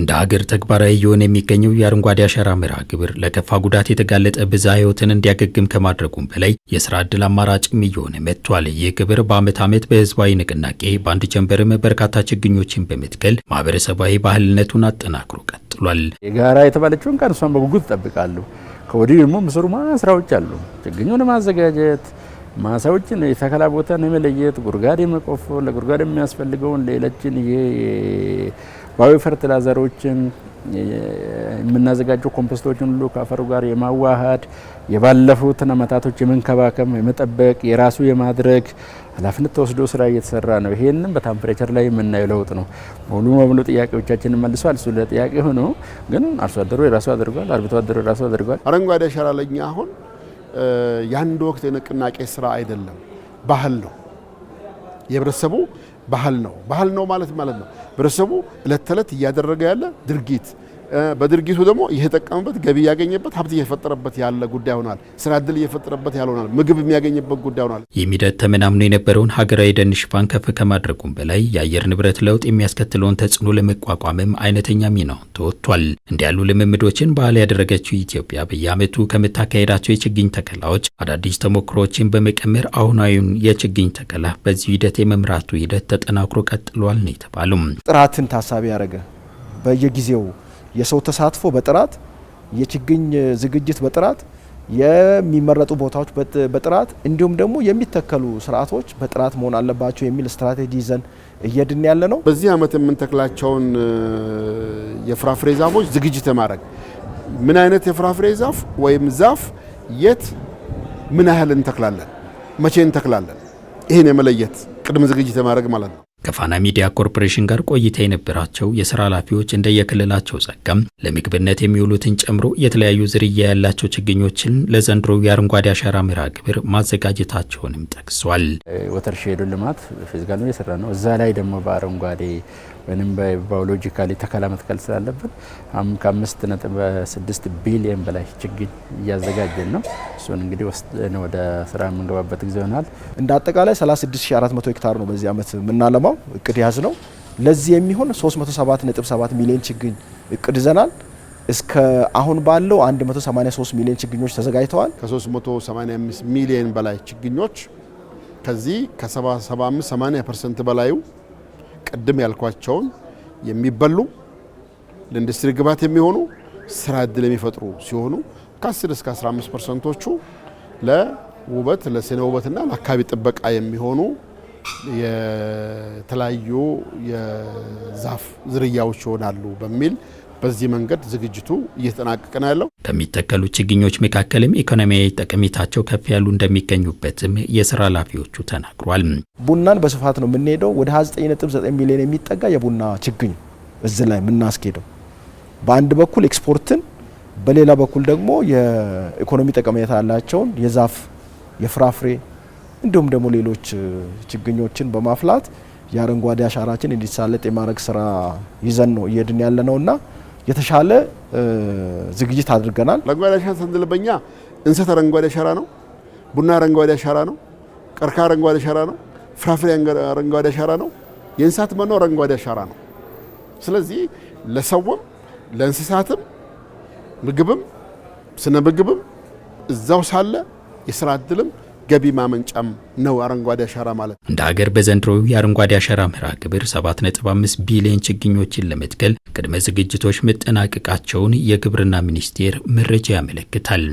እንደ ሀገር ተግባራዊ እየሆነ የሚገኘው የአረንጓዴ አሻራ መርሃ ግብር ለከፋ ጉዳት የተጋለጠ ብዝሃ ሕይወትን እንዲያገግም ከማድረጉም በላይ የስራ ዕድል አማራጭም እየሆነ መጥቷል። ይህ ግብር በዓመት ዓመት በህዝባዊ ንቅናቄ በአንድ ጀንበርም በርካታ ችግኞችን በመትከል ማህበረሰባዊ ባህልነቱን አጠናክሮ ቀጥሏል። የጋራ የተባለችውን ቀን እሷን በጉጉት ጠብቃለሁ ከወዲሁ ደግሞ ምስሩ ስራዎች አሉ። ችግኙን ማዘጋጀት ማሳዎችን የተከላ ቦታን የመለየት ጉድጓድ የመቆፈር ለጉድጓድ የሚያስፈልገውን ሌሎችን ባዮ የምናዘጋጀው ኮምፖስቶችን ሁሉ ከአፈሩ ጋር የማዋሃድ የባለፉትን አመታቶች የመንከባከብ የመጠበቅ የራሱ የማድረግ ኃላፊነት ተወስዶ ስራ እየተሰራ ነው። ይሄንም በታምፕሬቸር ላይ የምናየው ለውጥ ነው። ሙሉ በሙሉ ጥያቄዎቻችንን መልሷል። እሱ ለጥያቄ ሆኖ ግን አርሶ አደሩ የራሱ አድርጓል። አርብቶ አደሩ የራሱ አድርጓል። አረንጓዴ አሻራ ለኛ አሁን የአንድ ወቅት የንቅናቄ ስራ አይደለም፣ ባህል ነው። የህብረተሰቡ ባህል ነው። ባህል ነው ማለት ማለት ነው ህብረተሰቡ እለት ተዕለት እያደረገ ያለ ድርጊት በድርጊቱ ደግሞ እየተጠቀመበት ገቢ እያገኘበት ሀብት እየፈጠረበት ያለ ጉዳይ ሆናል። ስራ እድል እየፈጠረበት ያለ ሆናል። ምግብ የሚያገኝበት ጉዳይ ሆናል። ይህም ሂደት ተመናምኖ የነበረውን ሀገራዊ የደን ሽፋን ከፍ ከማድረጉም በላይ የአየር ንብረት ለውጥ የሚያስከትለውን ተጽዕኖ ለመቋቋምም አይነተኛ ሚና ተወጥቷል። እንዲያሉ ልምምዶችን ባህል ያደረገችው ኢትዮጵያ በየአመቱ ከምታካሄዳቸው የችግኝ ተከላዎች አዳዲስ ተሞክሮዎችን በመቀመር አሁናዊውን የችግኝ ተከላ በዚህ ሂደት የመምራቱ ሂደት ተጠናክሮ ቀጥሏል ነው የተባሉም ጥራትን ታሳቢ ያደረገ በየጊዜው የሰው ተሳትፎ በጥራት የችግኝ ዝግጅት በጥራት የሚመረጡ ቦታዎች በጥራት እንዲሁም ደግሞ የሚተከሉ ስርዓቶች በጥራት መሆን አለባቸው የሚል ስትራቴጂ ይዘን እየድን ያለ ነው። በዚህ ዓመት የምንተክላቸውን የፍራፍሬ ዛፎች ዝግጅት ማድረግ ምን አይነት የፍራፍሬ ዛፍ ወይም ዛፍ የት ምን ያህል እንተክላለን፣ መቼ እንተክላለን፣ ይህን የመለየት ቅድም ዝግጅት ማድረግ ማለት ነው። ከፋና ሚዲያ ኮርፖሬሽን ጋር ቆይታ የነበራቸው የስራ ኃላፊዎች እንደየክልላቸው ጸጋም ለምግብነት የሚውሉትን ጨምሮ የተለያዩ ዝርያ ያላቸው ችግኞችን ለዘንድሮ የአረንጓዴ አሻራ መርሃ ግብር ማዘጋጀታቸውንም ጠቅሷል። ወተርሼዱ ልማት ፊዚካል ነው የሰራ ነው። እዛ ላይ ደግሞ በአረንጓዴ ወይም ባዮሎጂካሊ ተከላ መትከል ስላለብን ከአምስት ነጥብ ስድስት ቢሊየን በላይ ችግኝ እያዘጋጀን ነው። እሱን እንግዲህ ወስደን ወደ ስራ የምንገባበት ጊዜ ይሆናል። እንደ አጠቃላይ 36400 ሄክታር ነው በዚህ ዓመት የምናለማው የምናለማው እቅድ ያዝ ነው። ለዚህ የሚሆን 37.7 ሚሊዮን ችግኝ እቅድ ይዘናል። እስከ አሁን ባለው 183 ሚሊዮን ችግኞች ተዘጋጅተዋል። ከ385 ሚሊዮን በላይ ችግኞች ከዚህ ከ75 80% በላዩ ቅድም ያልኳቸውን የሚበሉ ለኢንዱስትሪ ግብዓት የሚሆኑ ስራ እድል የሚፈጥሩ ሲሆኑ ከ10 እስከ 15 ፐርሰንቶቹ ለውበት ለስነ ውበትና ለአካባቢ ጥበቃ የሚሆኑ የተለያዩ የዛፍ ዝርያዎች ይሆናሉ በሚል በዚህ መንገድ ዝግጅቱ እየተጠናቀቀ ነው ያለው። ከሚተከሉ ችግኞች መካከልም ኢኮኖሚያዊ ጠቀሜታቸው ከፍ ያሉ እንደሚገኙበትም የስራ ኃላፊዎቹ ተናግሯል። ቡናን በስፋት ነው የምንሄደው። ወደ 29.9 ሚሊዮን የሚጠጋ የቡና ችግኝ እዚህ ላይ የምናስኬደው በአንድ በኩል ኤክስፖርትን፣ በሌላ በኩል ደግሞ የኢኮኖሚ ጠቀሜታ ያላቸውን የዛፍ የፍራፍሬ እንዲሁም ደግሞ ሌሎች ችግኞችን በማፍላት የአረንጓዴ አሻራችን እንዲሳለጥ የማድረግ ስራ ይዘን ነው እየሄድን ያለ ነውና የተሻለ ዝግጅት አድርገናል። አረንጓዴ አሻራ ስንል በኛ እንሰት አረንጓዴ አሻራ ነው፣ ቡና አረንጓዴ አሻራ ነው፣ ቀርካ አረንጓዴ አሻራ ነው፣ ፍራፍሬ አረንጓዴ አሻራ ነው፣ የእንስሳት መኖ አረንጓዴ አሻራ ነው። ስለዚህ ለሰውም ለእንስሳትም ምግብም ስነ ምግብም እዛው ሳለ የስራ እድልም ገቢ ማመንጫም ነው አረንጓዴ አሻራ ማለት። እንደ ሀገር በዘንድሮ የአረንጓዴ አሻራ መርሃ ግብር 7.5 ቢሊዮን ችግኞችን ለመትከል ቅድመ ዝግጅቶች መጠናቀቃቸውን የግብርና ሚኒስቴር መረጃ ያመለክታል።